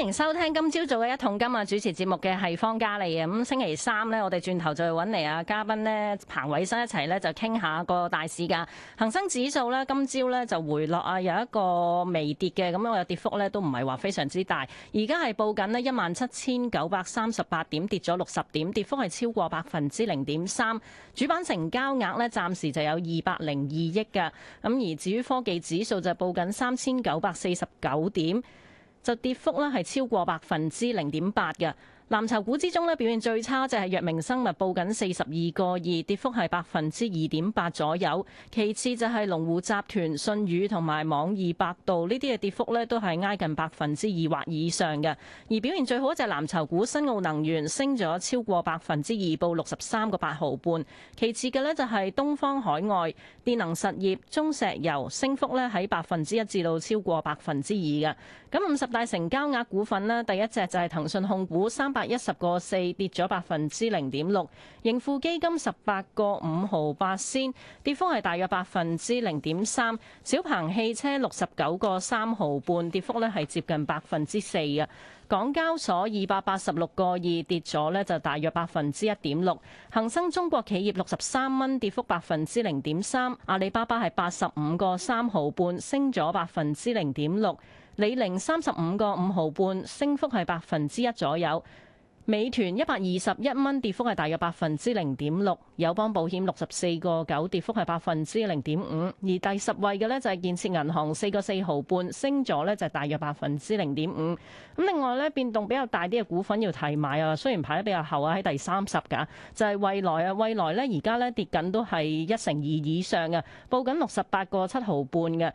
歡迎收聽今朝早嘅一桶金。今日主持節目嘅係方嘉莉啊！咁星期三呢，我哋轉頭就會揾嚟啊嘉賓呢，彭偉新一齊呢，就傾下個大市㗎。恒生指數呢，今朝呢就回落啊，有一個微跌嘅，咁啊跌幅呢，都唔係話非常之大。而家係報緊呢，一萬七千九百三十八點，跌咗六十點，跌幅係超過百分之零點三。主板成交額呢，暫時就有二百零二億嘅。咁而至於科技指數就報緊三千九百四十九點。就跌幅咧，係超過百分之零點八嘅。藍籌股之中咧，表現最差就係藥明生物，報緊四十二個二，跌幅係百分之二點八左右。其次就係龍湖集團、信義同埋網易百度呢啲嘅跌幅咧，都係挨近百分之二或以上嘅。而表現最好就係藍籌股新奧能源，升咗超過百分之二，報六十三個八毫半。其次嘅呢就係東方海外、電能實業、中石油，升幅呢喺百分之一至到超過百分之二嘅。咁五十大成交額股份呢，第一隻就係騰訊控股三百。一百一十個四，跌咗百分之零點六，盈富基金十八個五毫八仙，跌幅係大約百分之零點三。小鵬汽車六十九個三毫半，跌幅呢係接近百分之四啊，港交所二百八十六個二跌咗呢就大約百分之一點六。恒生中國企業六十三蚊，跌幅百分之零點三。阿里巴巴係八十五個三毫半，升咗百分之零點六。李寧三十五個五毫半，升幅係百分之一左右。美團一百二十一蚊，跌幅係大約百分之零點六。友邦保險六十四個九，跌幅係百分之零點五。而第十位嘅呢就係建設銀行四個四毫半，升咗呢，就係大約百分之零點五。咁另外呢，變動比較大啲嘅股份要提買啊，雖然排得比較後啊，喺第三十噶就係、是、蔚來啊。蔚來呢而家呢跌緊都係一成二以上嘅，報緊六十八個七毫半嘅。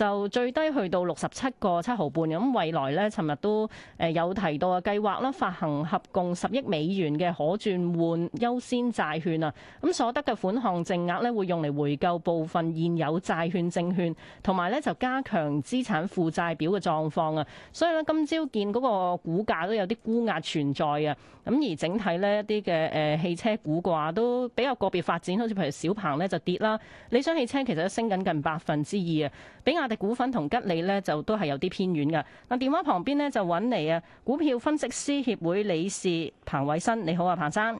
就最低去到六十七個七毫半。咁蔚來呢，尋日都誒有提到啊，計劃啦發行合共十億美元嘅可轉換優先債券啊。咁所得嘅款項淨額呢，會用嚟回購部分現有債券證券，同埋呢就加強資產負債表嘅狀況啊。所以呢，今朝見嗰個股價都有啲沽壓存在啊。咁而整體呢，一啲嘅誒汽車股嘅話都比較個別發展，好似譬如小鵬呢，就跌啦，理想汽車其實都升緊近百分之二啊，比亞啲股份同吉利呢，就都係有啲偏遠嘅。嗱，電話旁邊呢，就揾嚟啊，股票分析師協會理事彭偉新，你好啊，彭生。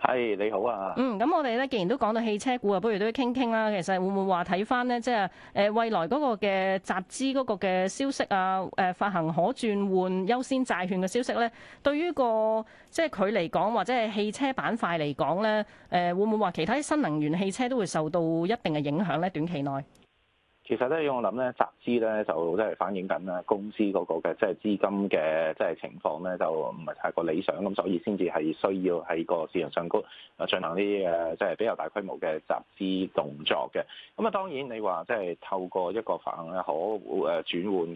係你好啊。嗯，咁我哋呢，既然都講到汽車股啊，不如都傾傾啦。其實會唔會話睇返呢？即係誒蔚來嗰個嘅集資嗰個嘅消息啊，誒發行可轉換優先債券嘅消息呢？對於個即係佢嚟講或者係汽車板塊嚟講呢？誒會唔會話其他新能源汽車都會受到一定嘅影響呢？短期內？其實咧，以我諗咧，集資咧就即係反映緊咧公司嗰個嘅即係資金嘅即係情況咧，就唔係太過理想，咁所以先至係需要喺個市場上高啊進行啲誒即係比較大規模嘅集資動作嘅。咁啊，當然你話即係透過一個發可誒轉換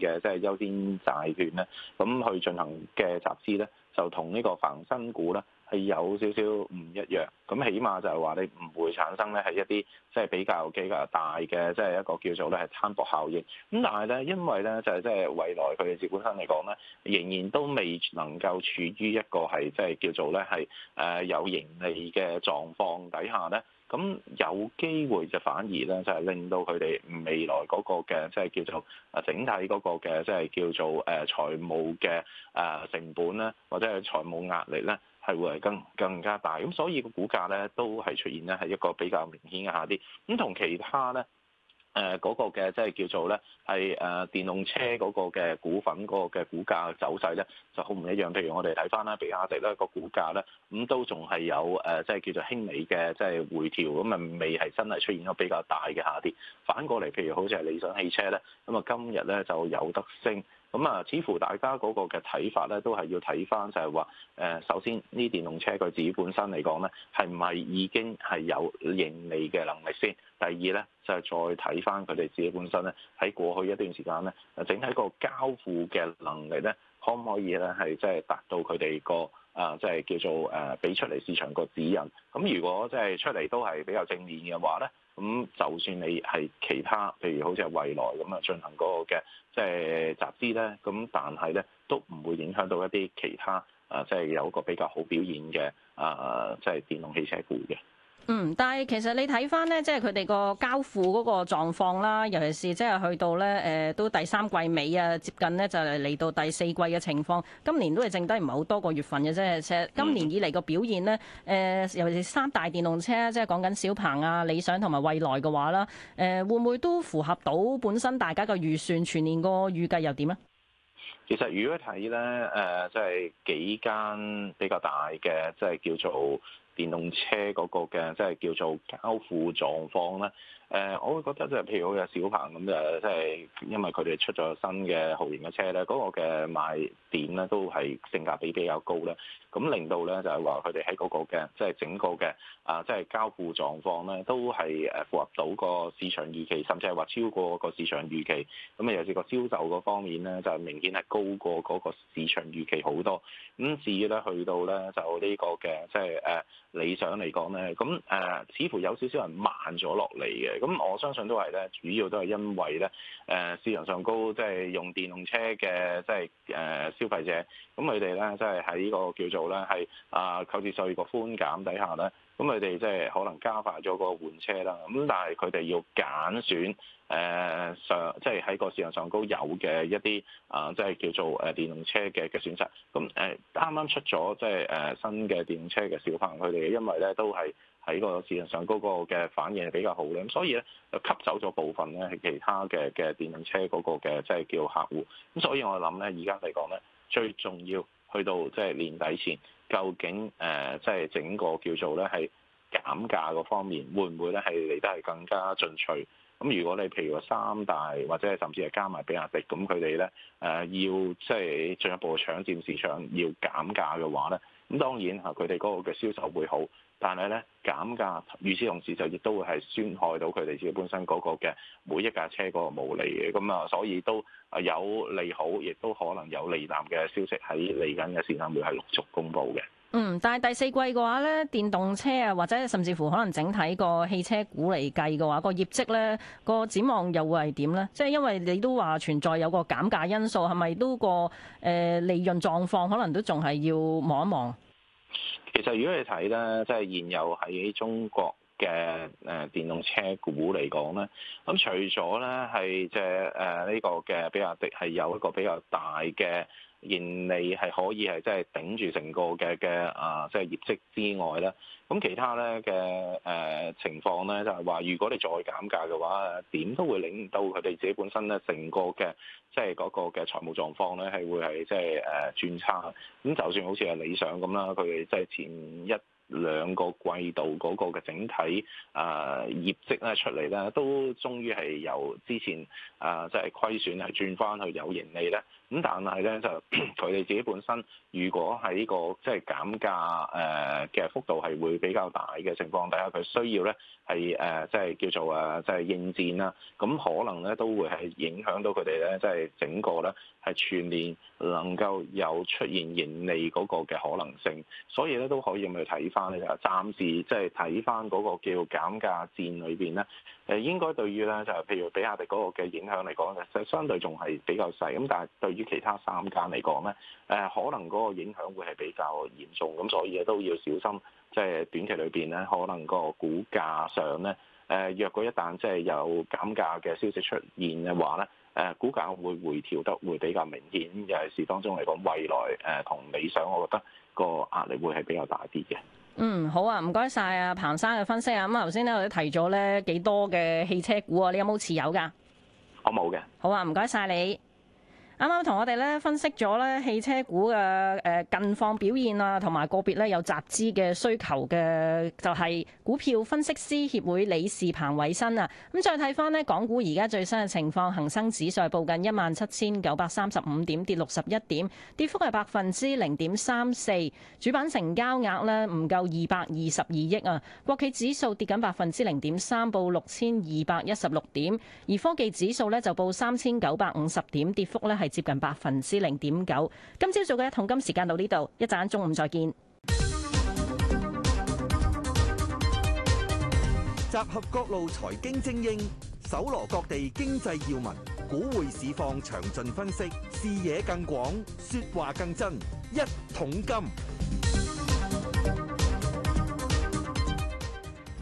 嘅即係優先債券咧，咁去進行嘅集資咧，就同呢個發新股咧。係有少少唔一樣，咁起碼就係話你唔會產生咧係一啲即係比較比較大嘅，即係一個叫做咧係攤薄效應。咁但係咧，因為咧就係即係未來佢嘅接自身嚟講咧，仍然都未能夠處於一個係即係叫做咧係誒有盈利嘅狀況底下咧，咁有機會就反而咧就係令到佢哋未來嗰個嘅即係叫做啊整體嗰個嘅即係叫做誒財務嘅誒成本咧，或者係財務壓力咧，係會係更更加大，咁所以個股價咧都係出現咧係一個比較明顯嘅下跌。咁同其他咧誒嗰個嘅即係叫做咧係誒電動車嗰個嘅股份嗰個嘅股價嘅走勢咧就好唔一樣。譬如我哋睇翻啦，比亞迪咧個股價咧咁、嗯、都仲係有誒、呃、即係叫做輕微嘅即係回調，咁啊未係真係出現咗比較大嘅下跌。反過嚟，譬如好似係理想汽車咧，咁啊今日咧就有得升。咁啊，似乎大家嗰個嘅睇法咧，都係要睇翻就係話，誒首先呢電動車佢自己本身嚟講咧，係唔係已經係有盈利嘅能力先？第二咧，就係、是、再睇翻佢哋自己本身咧，喺過去一段時間咧，整體個交付嘅能力咧，可唔可以咧係即係達到佢哋個啊即係叫做誒俾、呃、出嚟市場個指引？咁如果即係出嚟都係比較正面嘅話咧，咁就算你係其他，譬如好似係蔚來咁啊，進行嗰個嘅即係集資咧，咁但係咧都唔會影響到一啲其他啊，即係有一個比較好表現嘅啊，即係電動汽車股嘅。嗯，但係其實你睇返咧，即係佢哋個交付嗰個狀況啦，尤其是即係去到咧，誒、呃、都第三季尾啊，接近咧就嚟到第四季嘅情況。今年都係剩低唔係好多個月份嘅啫。其實今年以嚟個表現呢，誒、呃、尤其是三大電動車，即係講緊小鵬啊、理想同埋蔚來嘅話啦，誒、呃、會唔會都符合到本身大家嘅預算？全年個預計又點啊？其實如果睇咧，誒即係幾間比較大嘅，即、就、係、是、叫做。電動車嗰個嘅即係叫做交付狀況咧。誒，我會覺得就係譬如好似小鵬咁誒，即係因為佢哋出咗新嘅豪型嘅車咧，嗰、那個嘅賣點咧都係性價比比較高咧，咁令到咧就係話佢哋喺嗰個嘅即係整個嘅啊，即係交付狀況咧都係誒符合到個市場預期，甚至係話超過個市場預期。咁啊，尤其是個銷售嗰方面咧，就係明顯係高過嗰個市場預期好多。咁至於咧去到咧就呢、這個嘅即係誒理想嚟講咧，咁誒、呃、似乎有少少人慢咗落嚟嘅。咁我相信都係咧，主要都係因為咧，誒市場上高，即係用電動車嘅，即係誒消費者，咁佢哋咧，即係喺呢個叫做咧，係啊購置稅個寬減底下咧，咁佢哋即係可能加快咗個換車啦，咁但係佢哋要揀選。誒、呃、上即係喺個市場上高有嘅一啲啊、呃，即係叫做誒電動車嘅嘅選擇，咁誒。啱、呃、啱出咗即係誒、呃、新嘅電動車嘅小朋友，佢哋因為咧都係喺個市場上高個嘅反應係比較好咧，咁所以咧吸走咗部分咧係其他嘅嘅電動車嗰個嘅即係叫客戶咁。所以我諗咧，而家嚟講咧，最重要去到即係年底前，究竟誒、呃、即係整個叫做咧係減價個方面會唔會咧係嚟得係更加進取？咁如果你譬如話三大或者係甚至係加埋比亞迪，咁佢哋咧誒要即係進一步搶佔市場，要減價嘅話咧，咁當然嚇佢哋嗰個嘅銷售會好，但係咧減價，與此同時就亦都會係損害到佢哋自己本身嗰個嘅每一架車嗰個毛利嘅咁啊，所以都有利好，亦都可能有利淡嘅消息喺嚟緊嘅時間會係陸續公布嘅。嗯，但係第四季嘅話咧，電動車啊，或者甚至乎可能整體個汽車股嚟計嘅話，個業績咧，個展望又會係點咧？即係因為你都話存在有個減價因素，係咪都個誒利潤狀況可能都仲係要望一望？其實如果你睇咧，即係現有喺中國嘅誒電動車股嚟講咧，咁，嗯，除咗咧係即係誒呢個嘅比亞迪係有一個比較大嘅。盈利係可以係即係頂住成個嘅嘅啊，即係業績之外咧，咁其他咧嘅誒情況咧，就係話，如果你再減價嘅話，點都會令到佢哋自己本身咧成個嘅即係嗰個嘅財務狀況咧，係會係即係誒轉差。咁就算好似係理想咁啦，佢哋即係前一兩個季度嗰個嘅整體啊業績咧出嚟咧，都終於係由之前啊即係虧損係轉翻去有盈利咧。咁但係咧，就佢哋自己本身，如果喺呢、這個即係、就是、減價誒嘅幅度係會比較大嘅情況底下，佢需要咧係誒即係叫做誒即係應戰啦，咁可能咧都會係影響到佢哋咧，即、就、係、是、整個咧係全年能夠有出現盈利嗰個嘅可能性，所以咧都可以咁去睇翻咧，就暫時即係睇翻嗰個叫減價戰裏邊咧。誒應該對於咧，就係譬如比亞迪嗰個嘅影響嚟講咧，就相對仲係比較細。咁但係對於其他三間嚟講咧，誒可能嗰個影響會係比較嚴重。咁所以都要小心，即係短期裏邊咧，可能個股價上咧，誒若果一旦即係有減價嘅消息出現嘅話咧，誒股價會回調得會比較明顯。尤其係當中嚟講，蔚來誒同理想，我覺得個壓力會係比較大啲嘅。嗯，好啊，唔該晒啊，彭生嘅分析啊，咁啊，頭先咧我哋都提咗咧幾多嘅汽車股啊，你有冇持有㗎？我冇嘅，好啊，唔該晒你。啱啱同我哋咧分析咗咧汽車股嘅誒近況表現啊，同埋個別咧有集資嘅需求嘅就係、是、股票分析師協會理事彭偉新啊。咁再睇翻咧港股而家最新嘅情況，恒生指數係報緊一萬七千九百三十五點，跌六十一點，跌幅係百分之零點三四。主板成交額咧唔夠二百二十二億啊。國企指數跌緊百分之零點三，報六千二百一十六點，而科技指數咧就報三千九百五十點，跌幅咧係。接近百分之零點九。今朝早嘅一桶金時間到呢度，一陣中午再見。集合各路財經精英，搜羅各地經濟要聞，股匯市況詳盡分析，視野更廣，説話更真。一桶金。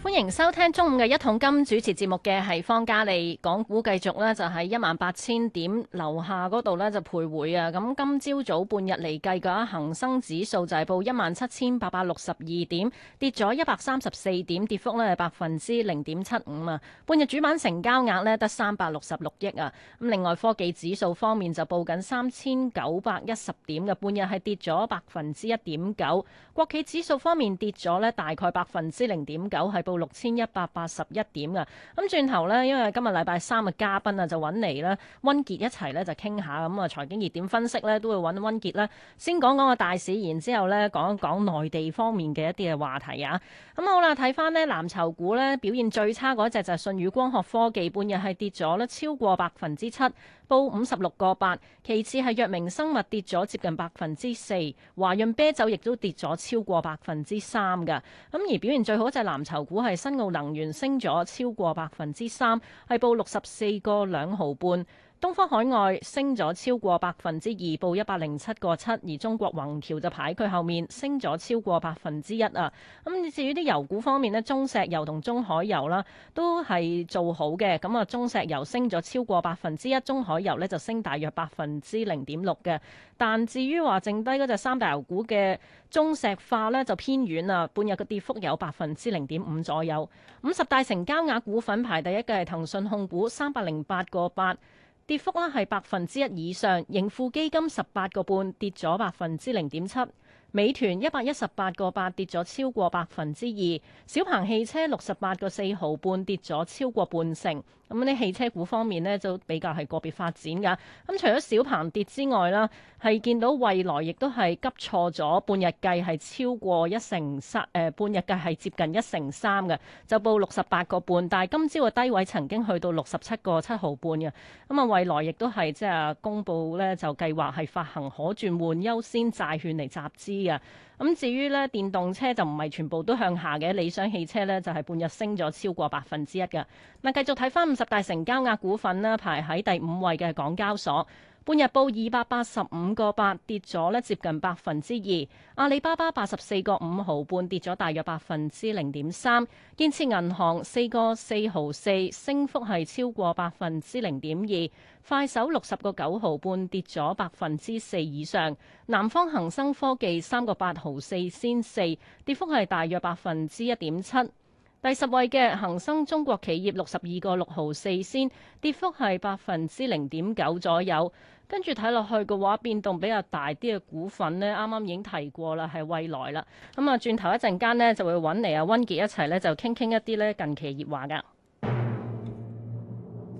歡迎收聽中午嘅一桶金，主持節目嘅係方嘉利。港股繼續咧就喺一萬八千點樓下嗰度咧就徘徊啊！咁今朝早半日嚟計嘅恒生指數就係報一萬七千八百六十二點，跌咗一百三十四點，跌幅咧係百分之零點七五啊！半日主板成交額咧得三百六十六億啊！咁另外科技指數方面就報緊三千九百一十點嘅，半日係跌咗百分之一點九。國企指數方面跌咗咧大概百分之零點九係報六千一百八十一點啊，咁轉頭咧，因為今日禮拜三嘅嘉賓啊，就揾嚟啦，溫傑一齊咧就傾下，咁啊財經熱點分析咧都會揾溫傑啦。先講講個大市，然之後咧講一講內地方面嘅一啲嘅話題啊。咁好啦，睇翻咧藍籌股咧表現最差嗰隻就係信宇光學科技，半日係跌咗啦超過百分之七，報五十六個八。其次係藥明生物跌咗接近百分之四，華潤啤酒亦都跌咗超過百分之三噶，咁而表現最好就係藍籌股。係新奧能源升咗超過百分之三，係報六十四個兩毫半。東方海外升咗超過百分之二，報一百零七個七；而中國宏橋，就排佢後面，升咗超過百分之一啊。咁至於啲油股方面咧，中石油同中海油啦都係做好嘅。咁啊，中石油升咗超過百分之一，中海油咧就升大約百分之零點六嘅。但至於話剩低嗰隻三大油股嘅中石化呢就偏軟啦，半日嘅跌幅有百分之零點五左右。咁十大成交額股份排第一嘅係騰訊控股 8. 8，三百零八個八。跌幅啦係百分之一以上，盈富基金十八個半跌咗百分之零點七，美團一百一十八個八跌咗超過百分之二，小鵬汽車六十八個四毫半跌咗超過半成。咁啲汽車股方面呢，就比較係個別發展噶。咁除咗小鵬跌之外啦，係見到蔚來亦都係急挫咗半日計係超過一成三，誒、呃、半日計係接近一成三嘅，就報六十八個半。但係今朝嘅低位曾經去到六十七個七毫半嘅。咁啊，蔚來亦都係即係公布呢，就計劃係發行可轉換優先債券嚟集資嘅。咁至於咧電動車就唔係全部都向下嘅，理想汽車咧就係半日升咗超過百分之一嘅。嗱，繼續睇返五十大成交額股份咧，排喺第五位嘅港交所。半日報二百八十五個八，跌咗咧接近百分之二。阿里巴巴八十四個五毫半，跌咗大約百分之零點三。建設銀行四個四毫四，升幅係超過百分之零點二。快手六十個九毫半，跌咗百分之四以上。南方恒生科技三個八毫四先四，跌幅係大約百分之一點七。第十位嘅恒生中國企業六十二個六毫四先，跌幅係百分之零點九左右。跟住睇落去嘅話，變動比較大啲嘅股份呢，啱啱已經提過啦，係蔚來啦。咁啊，轉頭一陣間呢，就會揾嚟阿溫杰一齊呢，就傾傾一啲呢近期熱話噶。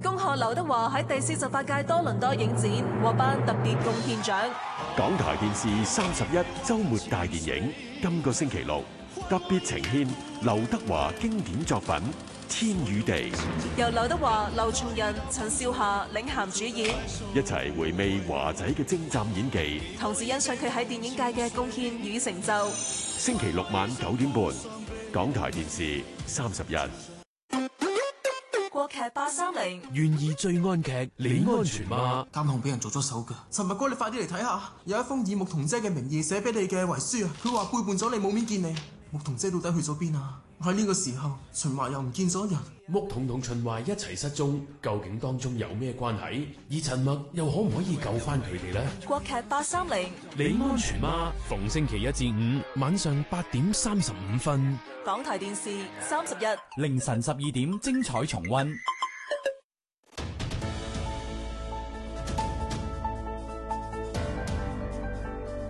恭賀劉德華喺第四十八屆多倫多影展獲頒特別貢獻獎。港台電視三十一周末大電影，今個星期六特別呈現劉德華經典作品。天與地，由劉德華、劉松仁、陳少霞領銜主演，一齊回味華仔嘅精湛演技，同時欣賞佢喺電影界嘅貢獻與成就。星期六晚九點半，港台電視三十日。國劇八三零，願意最安劇，你安全嗎？啊？監控俾人做咗手腳。陳物哥，你快啲嚟睇下，有一封以牧童姐嘅名義寫俾你嘅遺書啊！佢話背叛咗你，冇面見你。牧童姐到底去咗邊啊？喺呢個時候，秦華又唔見咗人。木桶同秦華一齊失蹤，究竟當中有咩關係？而陳默又可唔可以救翻佢哋呢？國劇八三零，你安全嗎？逢星期一至五晚上八點三十五分，港台電視三十一，凌晨十二點精彩重温。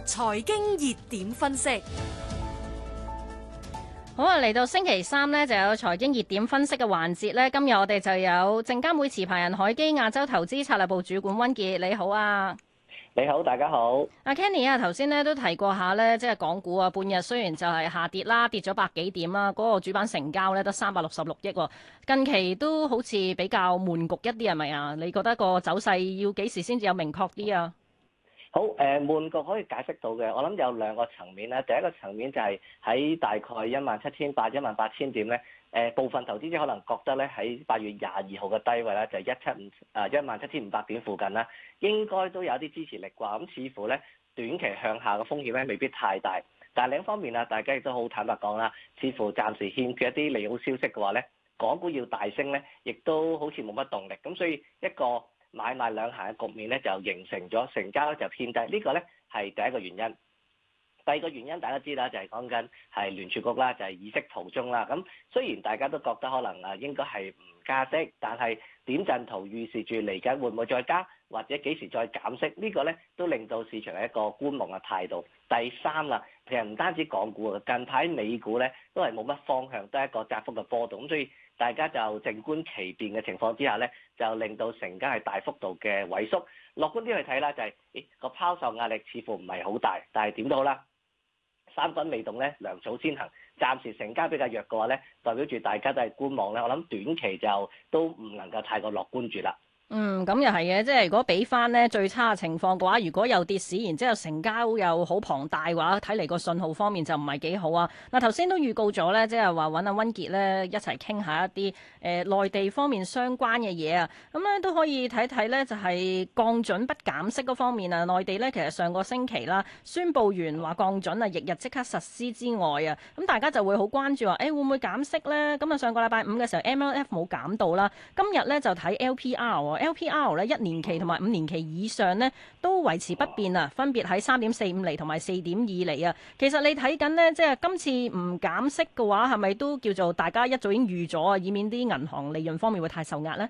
財經熱點分析。好啊！嚟到星期三呢就有財經熱點分析嘅環節呢。今日我哋就有證監會持牌人海基亞洲投資策略部主管溫傑，你好啊！你好，大家好。阿 Kenny 啊，頭先呢都提過下呢，即係港股啊，半日雖然就係下跌啦，跌咗百幾點啊，嗰個主板成交呢得三百六十六億。近期都好似比較悶局一啲，係咪啊？你覺得個走勢要幾時先至有明確啲啊？好誒，悶、呃、局可以解釋到嘅，我諗有兩個層面啦。第一個層面就係喺大概一萬七千八、一萬八千點咧，誒部分投資者可能覺得咧，喺八月廿二號嘅低位咧，就一七五啊一萬七千五百點附近啦，應該都有啲支持力啩。咁似乎咧短期向下嘅風險咧未必太大，但另一方面啊，大家亦都好坦白講啦，似乎暫時欠缺一啲利好消息嘅話咧，港股要大升咧，亦都好似冇乜動力。咁所以一個，買賣兩行嘅局面咧，就形成咗成交咧就偏低，呢個咧係第一個原因。第二個原因，大家知啦，就係、是、講緊係聯儲局啦，就係議息途中啦。咁雖然大家都覺得可能誒應該係唔加息，但係點陣圖預示住嚟緊會唔會再加，或者幾時再減息？這個、呢個咧都令到市場係一個觀望嘅態度。第三啦，其實唔單止港股，近排美股咧都係冇乜方向，都係一個窄幅嘅波動。咁所以大家就靜觀其變嘅情況之下咧，就令到成交係大幅度嘅萎縮。樂觀啲去睇啦，就係、咦、個拋售壓力似乎唔係好大，但係點都好啦，三軍未動咧，糧草先行。暫時成交比較弱嘅話咧，代表住大家都係觀望咧。我諗短期就都唔能夠太過樂觀住啦。嗯，咁又係嘅，即係如果畀返呢最差嘅情況嘅話，如果有跌市，然之後成交又好龐大嘅話，睇嚟個信號方面就唔係幾好啊。嗱、啊，頭先都預告咗、啊、呢，即係話揾阿溫傑呢一齊傾下一啲誒、呃、內地方面相關嘅嘢啊。咁、嗯、咧都可以睇睇呢，就係、是、降準不減息嗰方面啊。內地呢，其實上個星期啦，宣布完話降準啊，翌日即刻實施之外啊，咁、嗯、大家就會好關注話、啊，誒會唔會減息呢？」咁啊上個禮拜五嘅時候 MLF 冇減到啦，今日呢，就睇 LPR。啊。LPR 咧一年期同埋五年期以上咧都維持不變啊，分別喺三點四五厘同埋四點二厘啊。其實你睇緊呢，即係今次唔減息嘅話，係咪都叫做大家一早已經預咗啊，以免啲銀行利潤方面會太受壓呢？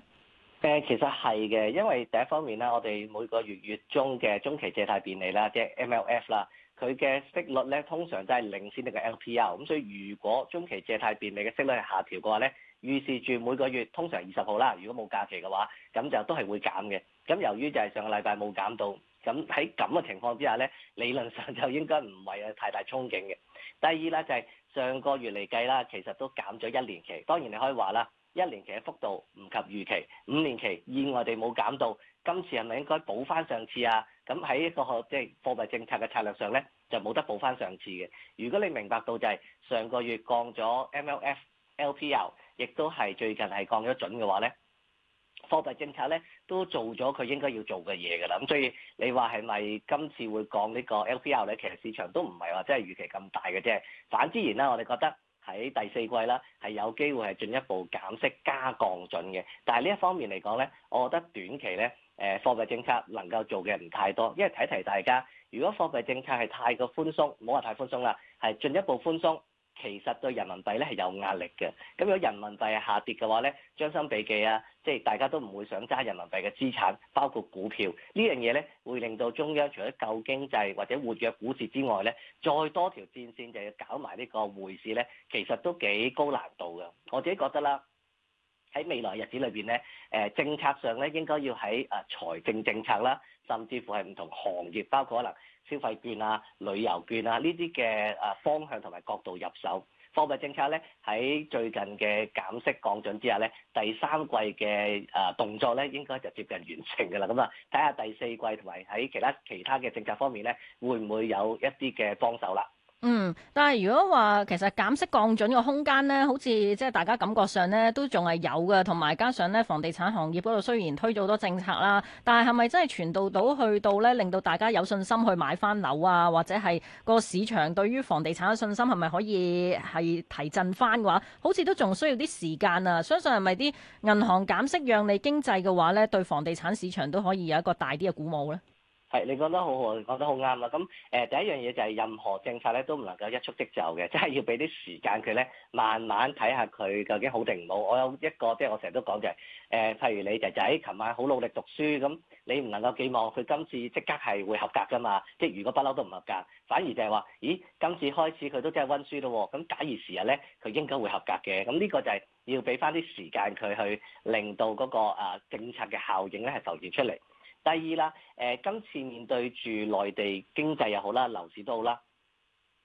誒，其實係嘅，因為第一方面呢，我哋每個月月中嘅中期借貸便利啦，即係 MLF 啦，佢嘅息率咧通常都係領先呢個 LPR，咁所以如果中期借貸便利嘅息率係下調嘅話咧。預示住每個月通常二十號啦，如果冇假期嘅話，咁就都係會減嘅。咁由於就係上個禮拜冇減到，咁喺咁嘅情況之下呢，理論上就應該唔係有太大憧憬嘅。第二咧就係、是、上個月嚟計啦，其實都減咗一年期。當然你可以話啦，一年期嘅幅度唔及預期，五年期意外地冇減到。今次係咪應該補翻上次啊？咁喺一個即係貨幣政策嘅策略上呢，就冇得補翻上次嘅。如果你明白到就係上個月降咗 MLF、LPR。亦都係最近係降咗準嘅話咧，貨幣政策咧都做咗佢應該要做嘅嘢㗎啦。咁所以你話係咪今次會降呢個 LPR 咧？其實市場都唔係話真係預期咁大嘅啫。反之然啦，我哋覺得喺第四季啦係有機會係進一步減息加降準嘅。但係呢一方面嚟講咧，我覺得短期咧誒貨幣政策能夠做嘅唔太多。因為提提大家，如果貨幣政策係太過寬鬆，唔好話太寬鬆啦，係進一步寬鬆。其實對人民幣咧係有壓力嘅，咁如果人民幣係下跌嘅話咧，將心比己啊，即係大家都唔會想揸人民幣嘅資產，包括股票呢樣嘢咧，會令到中央除咗救經濟或者活躍股市之外咧，再多條戰線就要搞埋呢個匯市咧，其實都幾高難度嘅。我自己覺得啦，喺未來日子裏邊咧，誒政策上咧應該要喺誒財政政策啦，甚至乎係唔同行業，包括可能。消費券啊、旅遊券啊，呢啲嘅誒方向同埋角度入手。貨幣政策咧喺最近嘅減息降準之下咧，第三季嘅誒動作咧應該就接近完成㗎啦。咁啊，睇下第四季同埋喺其他其他嘅政策方面咧，會唔會有一啲嘅幫手啦？嗯，但係如果話，其實減息降準個空間呢，好似即係大家感覺上呢都仲係有㗎，同埋加上呢，房地產行業嗰度雖然推咗好多政策啦，但係係咪真係傳導到去到呢，令到大家有信心去買翻樓啊，或者係個市場對於房地產嘅信心係咪可以係提振翻嘅話，好似都仲需要啲時間啊。相信係咪啲銀行減息讓利經濟嘅話呢，對房地產市場都可以有一個大啲嘅鼓舞呢。係，你講得好好，講得好啱啦。咁誒、呃，第一樣嘢就係任何政策咧都唔能夠一蹴即就嘅，即係要俾啲時間佢咧，慢慢睇下佢究竟好定唔好。我有一個，即係我成日都講就係、是、誒、呃，譬如你仔仔琴晚好努力讀書，咁你唔能夠寄望佢今次即刻係會合格噶嘛？即係如果不嬲都唔合格，反而就係話，咦，今次開始佢都真係溫書咯喎，咁假以時日咧，佢應該會合格嘅。咁呢個就係要俾翻啲時間佢去令到嗰、那個、啊、政策嘅效應咧係浮現出嚟。第二啦，誒、呃、今次面對住內地經濟又好啦，樓市都好啦，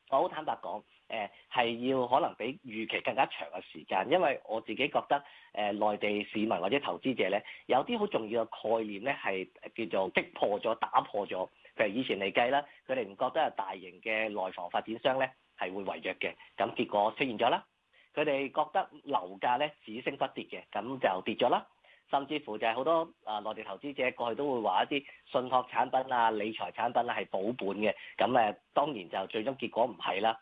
我好坦白講，誒、呃、係要可能比預期更加長嘅時間，因為我自己覺得，誒、呃、內地市民或者投資者咧，有啲好重要嘅概念咧，係叫做擊破咗、打破咗。譬如以前嚟計啦，佢哋唔覺得係大型嘅內房發展商咧係會違約嘅，咁結果出現咗啦，佢哋覺得樓價咧只升不跌嘅，咁就跌咗啦。甚至乎就係好多啊，內地投資者過去都會話一啲信託產品啊、理財產品啊係保本嘅。咁誒，當然就最終結果唔係啦。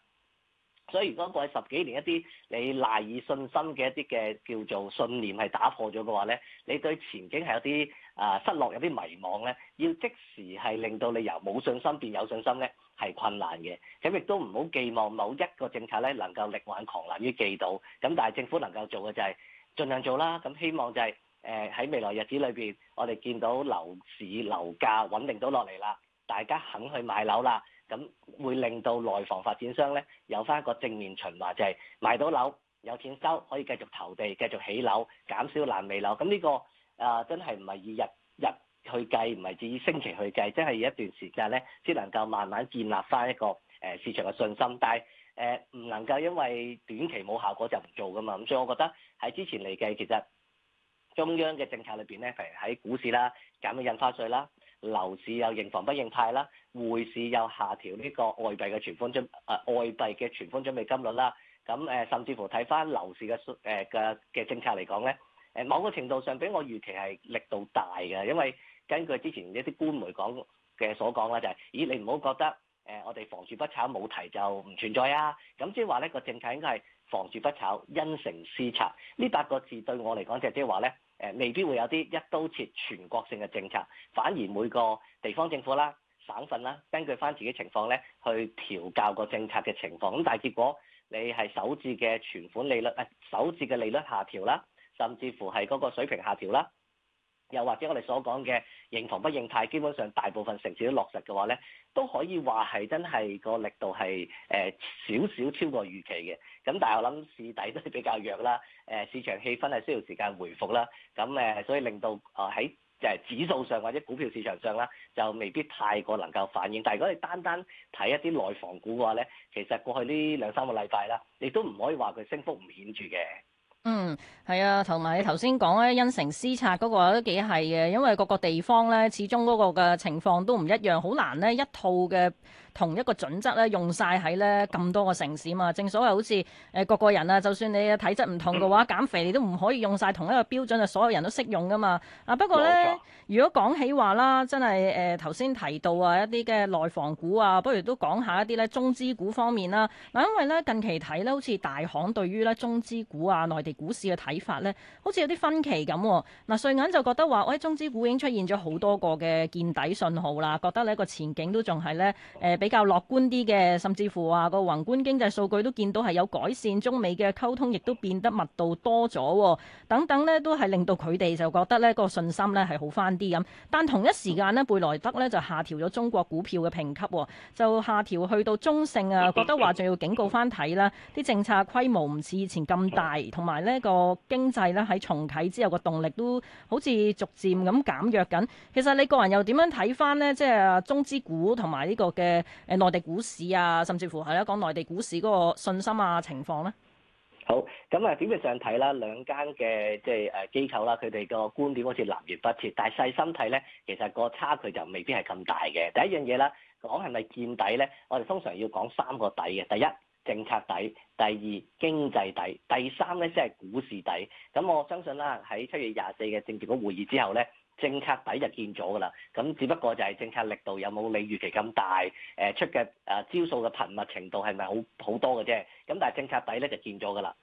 所以如果過去十幾年一啲你賴以信心嘅一啲嘅叫做信念係打破咗嘅話咧，你對前景係有啲啊失落、有啲迷茫咧，要即時係令到你由冇信心變有信心咧，係困難嘅。咁亦都唔好寄望某一個政策咧能夠力挽狂瀾於既倒。咁但係政府能夠做嘅就係、是、盡量做啦。咁希望就係、是。誒喺未來日子裏邊，我哋見到樓市樓價穩定到落嚟啦，大家肯去買樓啦，咁會令到內房發展商咧有翻一個正面循環，就係、是、賣到樓有錢收，可以繼續投地繼續起樓，減少爛尾樓。咁、這、呢個誒真係唔係以日日去計，唔係只以星期去計，即係一段時間咧，先能夠慢慢建立翻一個誒市場嘅信心。但係誒唔能夠因為短期冇效果就唔做噶嘛。咁所以我覺得喺之前嚟計，其實。中央嘅政策裏邊咧，譬如喺股市啦，減咗印花稅啦；樓市又認房不認貸啦；匯市又下調呢個外幣嘅存款準誒外幣嘅存款準備金率啦。咁、嗯、誒，甚至乎睇翻樓市嘅誒嘅嘅政策嚟講咧，誒某個程度上比我預期係力度大嘅，因為根據之前一啲官媒講嘅所講啦，就係、是、咦你唔好覺得誒、呃、我哋房住不炒冇提就唔存在啊。咁即係話咧個政策應該係。房住不炒，因城施策呢八個字對我嚟講，就即係話咧，誒未必會有啲一刀切全國性嘅政策，反而每個地方政府啦、省份啦，根據翻自己情況咧去調校個政策嘅情況，咁但係結果你係首次嘅存款利率，誒、啊、首次嘅利率下調啦，甚至乎係嗰個水平下調啦。又或者我哋所講嘅認房不認貸，基本上大部分城市都落實嘅話咧，都可以話係真係個力度係誒少少超過預期嘅。咁但係我諗市底都係比較弱啦，誒、呃、市場氣氛係需要時間回復啦。咁、呃、誒所以令到啊喺誒指數上或者股票市場上啦，就未必太過能夠反映。但係如果你單單睇一啲內房股嘅話咧，其實過去呢兩三個禮拜啦，亦都唔可以話佢升幅唔顯著嘅。嗯，係啊，同埋你頭先講咧，因城施策嗰個都幾係嘅，因為各個地方咧，始終嗰個嘅情況都唔一樣，好難咧一套嘅。同一個準則咧，用晒喺咧咁多個城市嘛。正所謂好似誒各個人啊，就算你嘅體質唔同嘅話，減、嗯、肥你都唔可以用晒同一個標準啊。所有人都適用㗎嘛。啊不過咧，如果講起話啦，真係誒頭先提到啊一啲嘅內房股啊，不如都講下一啲咧中資股方面啦。嗱、啊，因為咧近期睇咧，好似大行對於咧中資股啊、內地股市嘅睇法咧，好似有啲分歧咁、哦。嗱、啊，瑞銀就覺得話，我、哎、喺中資股已經出現咗好多個嘅見底信號啦，覺得呢個前景都仲係咧誒。呃呃比較樂觀啲嘅，甚至乎話個宏觀經濟數據都見到係有改善，中美嘅溝通亦都變得密度多咗喎，等等呢，都係令到佢哋就覺得呢個信心呢係好翻啲咁。但同一時間呢，貝萊德呢就下調咗中國股票嘅評級喎，就下調去到中性啊，覺得話仲要警告翻睇啦，啲政策規模唔似以前咁大，同埋呢個經濟呢喺重啟之後個動力都好似逐漸咁減弱緊。其實你個人又點樣睇翻呢？即係中資股同埋呢個嘅。誒內地股市啊，甚至乎係啦，講內地股市嗰個信心啊情況咧。好，咁啊表面上睇啦，兩間嘅即係誒機構啦，佢哋個觀點好似南轅北轍，但係細心睇咧，其實個差距就未必係咁大嘅。第一樣嘢啦，講係咪見底咧？我哋通常要講三個底嘅，第一政策底，第二經濟底，第三咧先係股市底。咁我相信啦，喺七月廿四嘅政治局嘅會議之後咧。政策底就見咗㗎啦，咁只不過就係政策力度有冇你預期咁大？誒、呃、出嘅誒、呃、招數嘅頻密程度係咪好好多嘅啫？咁但係政策底咧就見咗㗎啦。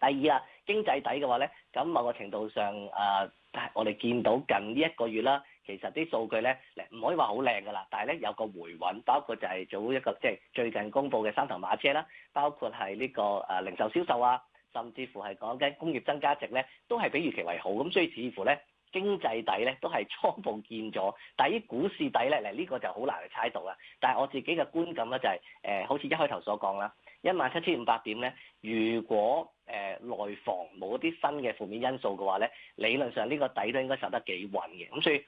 第二啊，經濟底嘅話咧，咁某個程度上啊、呃，我哋見到近呢一個月啦，其實啲數據咧唔可以話好靚㗎啦，但係咧有個回穩，包括就係做一個即係、就是、最近公佈嘅三頭馬車啦，包括係呢、這個誒、呃、零售銷售啊，甚至乎係講緊工業增加值咧，都係比預期為好，咁所以似乎咧。經濟底咧都係初步見咗，但係依股市底咧，嗱、這、呢個就好難去猜到啦。但係我自己嘅觀感咧就係、是，誒、呃、好似一開頭所講啦，一萬七千五百點咧，如果誒、呃、內房冇一啲新嘅負面因素嘅話咧，理論上呢個底都應該受得幾穩嘅，咁先。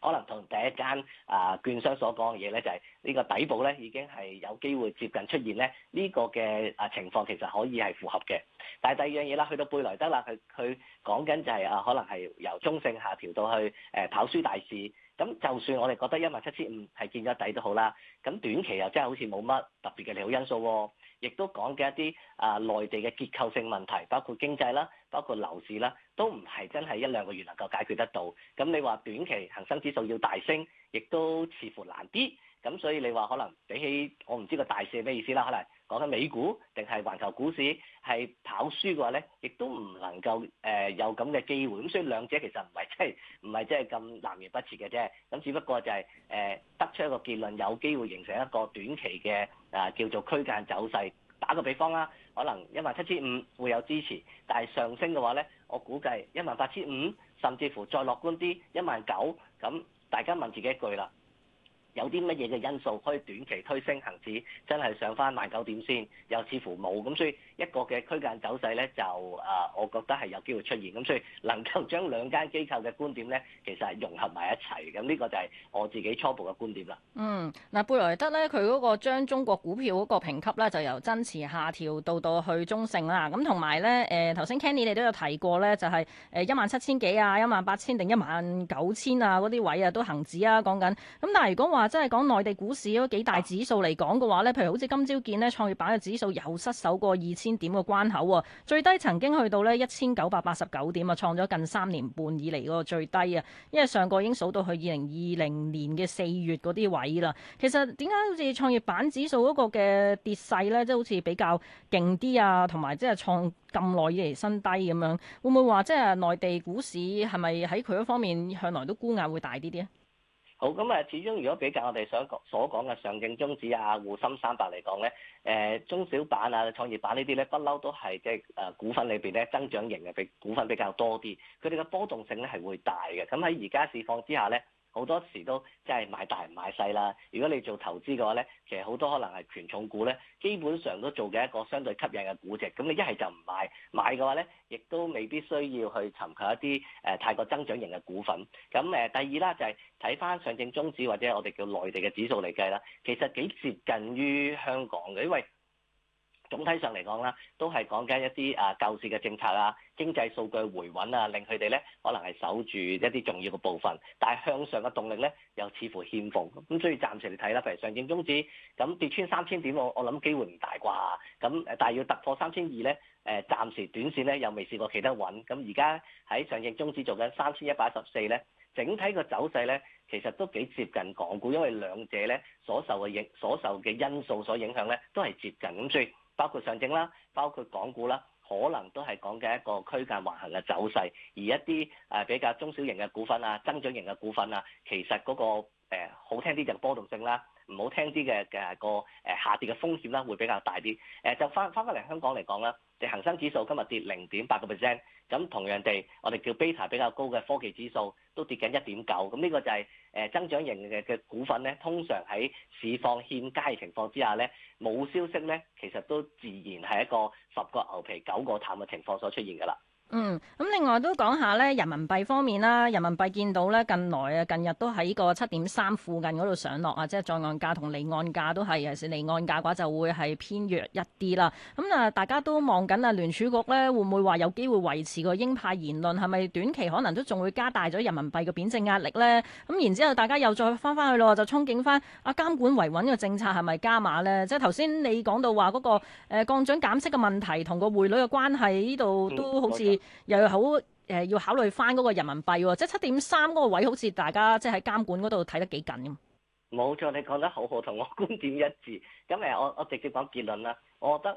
可能同第一間啊券商所講嘅嘢咧，就係、是、呢個底部咧已經係有機會接近出現咧，呢、這個嘅啊情況其實可以係符合嘅。但係第二樣嘢啦，去到貝萊德啦，佢佢講緊就係啊，可能係由中性下調到去誒、啊、跑輸大市。咁就算我哋覺得一萬七千五係見咗底都好啦，咁短期又真係好似冇乜特別嘅利好因素喎、啊。亦都講嘅一啲啊，呃、內地嘅結構性問題，包括經濟啦，包括樓市啦，都唔係真係一兩個月能夠解決得到。咁你話短期恒生指數要大升，亦都似乎難啲。咁所以你話可能比起我唔知個大市係咩意思啦，可能。講緊美股定係環球股市係跑輸嘅話咧，亦都唔能夠誒、呃、有咁嘅機會，咁所以兩者其實唔係即係唔係即係咁南轅北轍嘅啫，咁只不過就係、是、誒、呃、得出一個結論，有機會形成一個短期嘅啊、呃、叫做區間走勢。打個比方啦，可能一萬七千五會有支持，但係上升嘅話咧，我估計一萬八千五，甚至乎再樂觀啲一萬九，咁大家問自己一句啦。有啲乜嘢嘅因素可以短期推升恒指，行真係上翻萬九點先，又似乎冇咁，所以一個嘅區間走勢咧就誒，我覺得係有機會出現，咁所以能夠將兩間機構嘅觀點咧，其實係融合埋一齊，咁呢個就係我自己初步嘅觀點啦。嗯，嗱，貝萊德咧，佢嗰個將中國股票嗰個評級咧，就由增持下調到到去中性啦。咁同埋咧，誒頭先 Kenny 你都有提過咧，就係誒一萬七千幾啊，一萬八千定一萬九千啊，嗰啲位啊都恒指啊，講緊。咁但係如果話啊，即係講內地股市嗰幾大指數嚟講嘅話咧，譬如好似今朝見咧，創業板嘅指數又失守過二千點嘅關口喎，最低曾經去到呢一千九百八十九點啊，創咗近三年半以嚟嗰個最低啊，因為上個已經數到去二零二零年嘅四月嗰啲位啦。其實點解好似創業板指數嗰個嘅跌勢咧，即係好似比較勁啲啊，同埋即係創咁耐以嚟新低咁樣，會唔會話即係內地股市係咪喺佢嗰方面向來都沽壓會大啲啲啊？好咁啊，始終如果比較我哋想講所講嘅上證綜指啊、滬深三百嚟講咧，誒中小板啊、創業板呢啲咧，不嬲都係即係誒股份裏邊咧，增長型嘅比股份比較多啲，佢哋嘅波動性咧係會大嘅。咁喺而家市況之下咧。好多時都即係買大唔買細啦。如果你做投資嘅話咧，其實好多可能係權重股咧，基本上都做嘅一個相對吸引嘅估值。咁你一係就唔買，買嘅話咧，亦都未必需要去尋求一啲誒、呃、太過增長型嘅股份。咁誒、呃、第二啦，就係睇返上證綜指或者我哋叫內地嘅指數嚟計啦，其實幾接近於香港嘅，因為。總體上嚟講啦，都係講緊一啲啊救市嘅政策啊，經濟數據回穩啊，令佢哋咧可能係守住一啲重要嘅部分，但係向上嘅動力咧又似乎欠奉咁，所以暫時嚟睇啦，譬如上證綜指咁跌穿三千點，我我諗機會唔大啩？咁誒但係要突破三千二咧，誒、啊、暫時短線咧又未試過企得穩，咁而家喺上證綜指做緊三千一百一十四咧，整體個走勢咧其實都幾接近港股，因為兩者咧所受嘅影所受嘅因素所影響咧都係接近，咁所以。包括上證啦，包括港股啦，可能都係講嘅一個區間橫行嘅走勢，而一啲誒比較中小型嘅股份啊，增長型嘅股份啊，其實嗰、那個、呃、好聽啲就波動性啦，唔好聽啲嘅嘅個誒下跌嘅風險啦會比較大啲。誒、呃、就返返返嚟香港嚟講啦，誒恆生指數今日跌零點八個 percent，咁同樣地，我哋叫 beta 比較高嘅科技指數都跌緊一點九，咁呢個就係、是。誒增長型嘅嘅股份咧，通常喺市況欠佳嘅情況之下咧，冇消息咧，其實都自然係一個十個牛皮九個淡嘅情況所出現㗎啦。嗯，咁另外都講下咧，人民幣方面啦，人民幣見到咧，近來啊，近日都喺個七點三附近嗰度上落啊，即係在岸價同離岸價都係，係離岸價嘅話就會係偏弱一啲啦。咁、嗯、啊，大家都望緊啊聯儲局咧，會唔會話有機會維持個鷹派言論？係咪短期可能都仲會加大咗人民幣嘅貶值壓力咧？咁然之後，大家又再翻翻去咯，就憧憬翻啊，監管維穩嘅政策係咪加碼咧？即係頭先你講到話嗰個誒降準減息嘅問題同個匯率嘅關係，呢度都好似。又要好誒，要考慮翻嗰個人民幣，即係七點三嗰個位，好似大家即係喺監管嗰度睇得幾緊。冇錯，你講得好好，同我觀點一致。咁誒，我我直接講結論啦。我覺得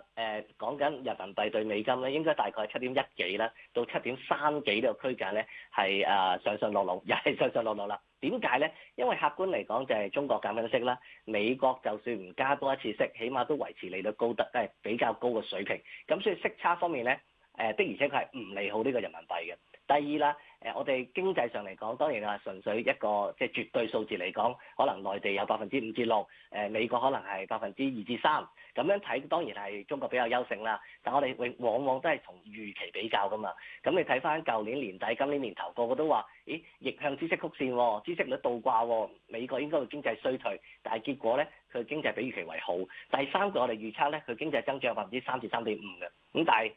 誒，講、呃、緊人民幣兌美金咧，應該大概係七點一幾啦，到七點三幾呢個區間咧，係誒、呃、上上落落，又係上上落落啦。點解咧？因為客觀嚟講，就係中國減緊息啦，美國就算唔加多一次息，起碼都維持利率高得即比較高嘅水平。咁所以息差方面咧。誒的，而且佢係唔利好呢個人民幣嘅。第二啦，誒、呃、我哋經濟上嚟講，當然啊，純粹一個即係、就是、絕對數字嚟講，可能內地有百分之五至六，誒、呃、美國可能係百分之二至三。咁樣睇當然係中國比較優勝啦。但我哋永往往都係從預期比較㗎嘛。咁你睇返舊年年底、今年年頭，個個都話，咦，逆向孳息曲線，啊，孳息率倒掛，啊，美國應該會經濟衰退。但係結果咧，佢經濟比預期為好。第三個我哋預測咧，佢經濟增長有百分之三至三點五嘅。咁但係，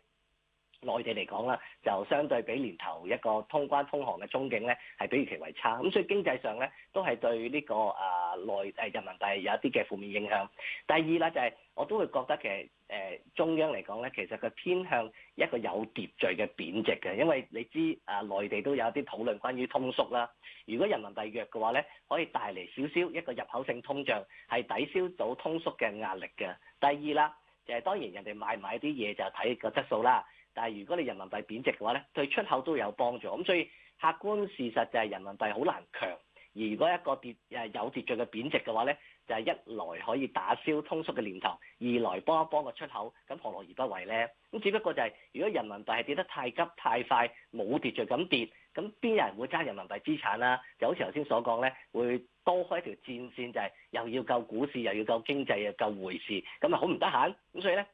內地嚟講啦，就相對比年頭一個通關通航嘅憧憬咧，係比預期為差咁，所以經濟上咧都係對呢、這個誒內地人民幣有一啲嘅負面影響。第二啦，就係、是、我都會覺得其實誒、呃、中央嚟講咧，其實佢偏向一個有秩序嘅貶值嘅，因為你知誒內、呃、地都有一啲討論關於通縮啦。如果人民幣弱嘅話咧，可以帶嚟少少一個入口性通脹，係抵消到通縮嘅壓力嘅。第二啦，就係、是、當然人哋買唔買啲嘢就睇個質素啦。但係如果你人民幣貶值嘅話咧，對出口都有幫助咁，所以客觀事實就係人民幣好難強。而如果一個有秩序嘅貶值嘅話咧，就係、是、一來可以打消通縮嘅念頭，二來幫一幫個出口，咁何樂而不為咧？咁只不過就係、是、如果人民幣係跌得太急太快，冇秩序咁跌，咁邊有人會揸人民幣資產啦、啊？就好似頭先所講咧，會多開一條戰線，就係、是、又要救股市，又要救經濟，又救匯市，咁啊好唔得閒。咁所以咧，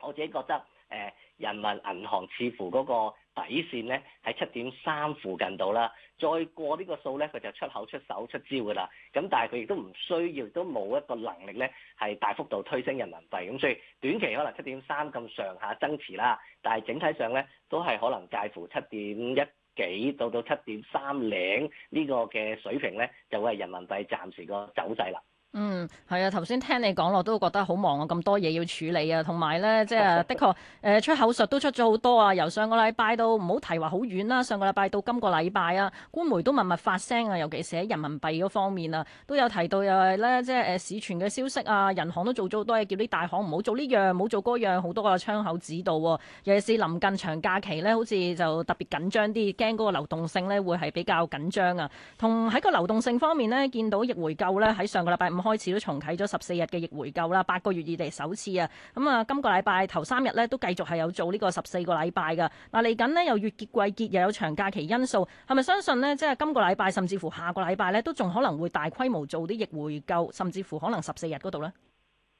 我自己覺得。誒，人民銀行似乎嗰個底線咧喺七點三附近度啦，再過呢個數咧，佢就出口出手出招㗎啦，咁但係佢亦都唔需要亦都冇一個能力咧係大幅度推升人民幣，咁所以短期可能七點三咁上下增持啦，但係整體上咧都係可能介乎七點一幾到到七點三零呢個嘅水平咧，就會係人民幣暫時個走勢啦。嗯，係啊，頭先聽你講，我都覺得好忙啊，咁多嘢要處理啊，同埋呢，即係的確，誒、呃，出口術都出咗好多啊，由上個禮拜到唔好提話好遠啦，上個禮拜到今個禮拜啊，官媒都密密發聲啊，尤其係喺人民幣嗰方面啊，都有提到又係呢，即係誒，市傳嘅消息啊，銀行都做咗好多嘢，叫啲大行唔好做呢樣，唔好做嗰樣，好多嘅窗口指導，尤其是臨近長假期呢，好似就特別緊張啲，驚嗰個流動性呢會係比較緊張啊。同喺個流動性方面呢，見到逆回購呢，喺上個禮拜。開始都重啟咗十四日嘅逆回購啦，八個月以嚟首次啊！咁啊，今個禮拜頭三日咧都繼續係有做呢個十四個禮拜㗎。嗱，嚟緊呢，又月結季結，又有長假期因素，係咪相信呢？即係今個禮拜甚至乎下個禮拜咧，都仲可能會大規模做啲逆回購，甚至乎可能十四日嗰度呢。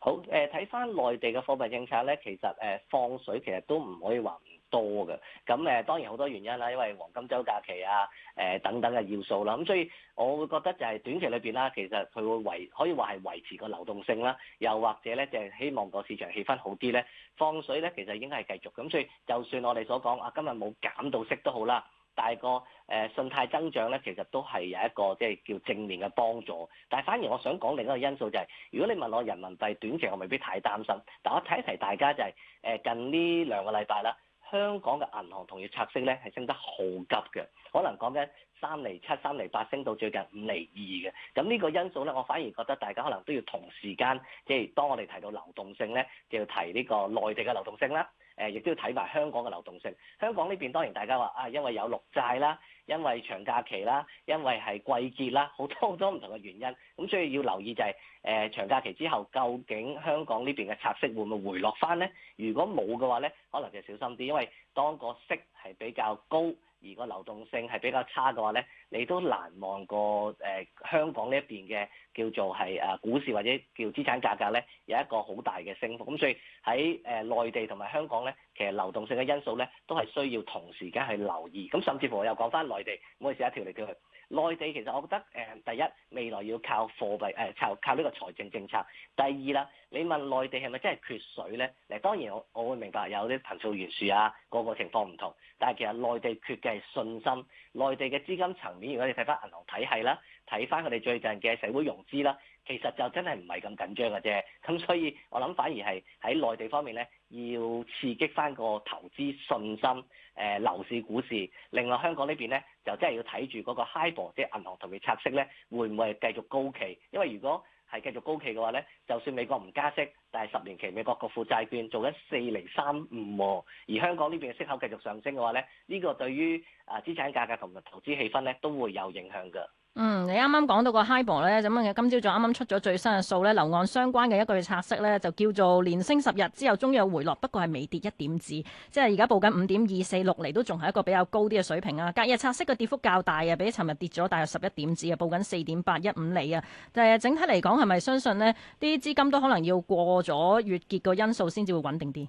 好，誒睇翻內地嘅貨幣政策咧，其實誒、呃、放水其實都唔可以話。多嘅咁誒，當然好多原因啦，因為黃金週假期啊，誒、呃、等等嘅要素啦。咁所以我會覺得就係短期裏邊啦，其實佢會維可以話係維持個流動性啦，又或者咧就係、是、希望個市場氣氛好啲咧，放水咧其實應該係繼續咁。所以就算我哋所講啊，今日冇減到息都好啦，但係個誒信貸增長咧，其實都係有一個即係叫正面嘅幫助。但係反而我想講另一個因素就係、是，如果你問我人民幣短期我未必太擔心，但我提一提大家就係、是、誒、呃、近呢兩個禮拜啦。香港嘅銀行同業拆息咧，係升得好急嘅，可能講緊三厘七、三厘八升到最近五厘二嘅。咁呢個因素咧，我反而覺得大家可能都要同時間，即係當我哋提到流動性咧，就要提呢個內地嘅流動性啦。誒，亦都要睇埋香港嘅流動性。香港呢邊當然大家話啊，因為有綠債啦。因為長假期啦，因為係季節啦，好多好多唔同嘅原因，咁所以要留意就係、是，誒、呃、長假期之後究竟香港呢邊嘅拆息會唔會回落翻呢？如果冇嘅話呢，可能就小心啲，因為當個息係比較高。而個流動性係比較差嘅話呢，你都難望個誒香港呢一邊嘅叫做係誒股市或者叫資產價格呢有一個好大嘅升幅。咁所以喺誒、呃、內地同埋香港呢，其實流動性嘅因素呢都係需要同時間去留意。咁甚至乎我又講翻內地，唔好意思一條嚟叫佢。內地其實我覺得誒，第一未來要靠貨幣誒，靠靠呢個財政政策。第二啦，你問內地係咪真係缺水呢？誒，當然我我會明白有啲貧富懸殊啊，個個情況唔同。但係其實內地缺嘅係信心，內地嘅資金層面，如果你睇翻銀行體系啦。睇翻佢哋最近嘅社會融資啦，其實就真係唔係咁緊張嘅啫。咁所以，我諗反而係喺內地方面咧，要刺激翻個投資信心。誒、呃，樓市、股市。另外，香港呢邊咧就真係要睇住嗰個 HIBOR 即係銀行同佢拆息咧，會唔會係繼續高企？因為如果係繼續高企嘅話咧，就算美國唔加息，但係十年期美國國庫債券做緊四厘三五，而香港呢邊嘅息口繼續上升嘅話咧，呢、這個對於啊資產價格同埋投資氣氛咧都會有影響㗎。嗯，你啱啱講到個 HIBOR 咧，咁樣嘅今朝早啱啱出咗最新嘅數咧，樓按相關嘅一個月拆息咧，就叫做連升十日之後終於有回落，不過係微跌一點子。即係而家報緊五點二四六厘，都仲係一個比較高啲嘅水平啊。隔日拆息嘅跌幅較大啊，比尋日跌咗大約十一點子，啊，報緊四點八一五厘。啊。但係整體嚟講，係咪相信呢啲資金都可能要過咗月結個因素先至會穩定啲？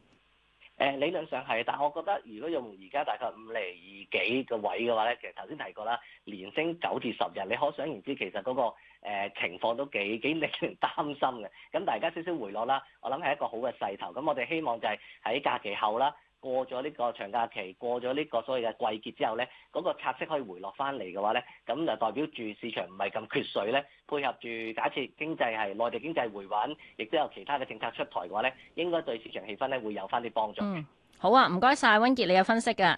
誒理論上係，但係我覺得如果用而家大概五釐幾嘅位嘅話咧，其實頭先提過啦，連升九至十日，你可想而知其實嗰、那個、呃、情況都幾幾令人擔心嘅。咁大家少少回落啦，我諗係一個好嘅勢頭。咁我哋希望就係喺假期後啦。過咗呢個長假期，過咗呢個所謂嘅季結之後咧，嗰、那個拆息可以回落翻嚟嘅話咧，咁就代表住市場唔係咁缺水咧。配合住假設經濟係內地經濟回穩，亦都有其他嘅政策出台嘅話咧，應該對市場氣氛咧會有翻啲幫助、嗯。好啊，唔該晒，溫傑你有分析㗎。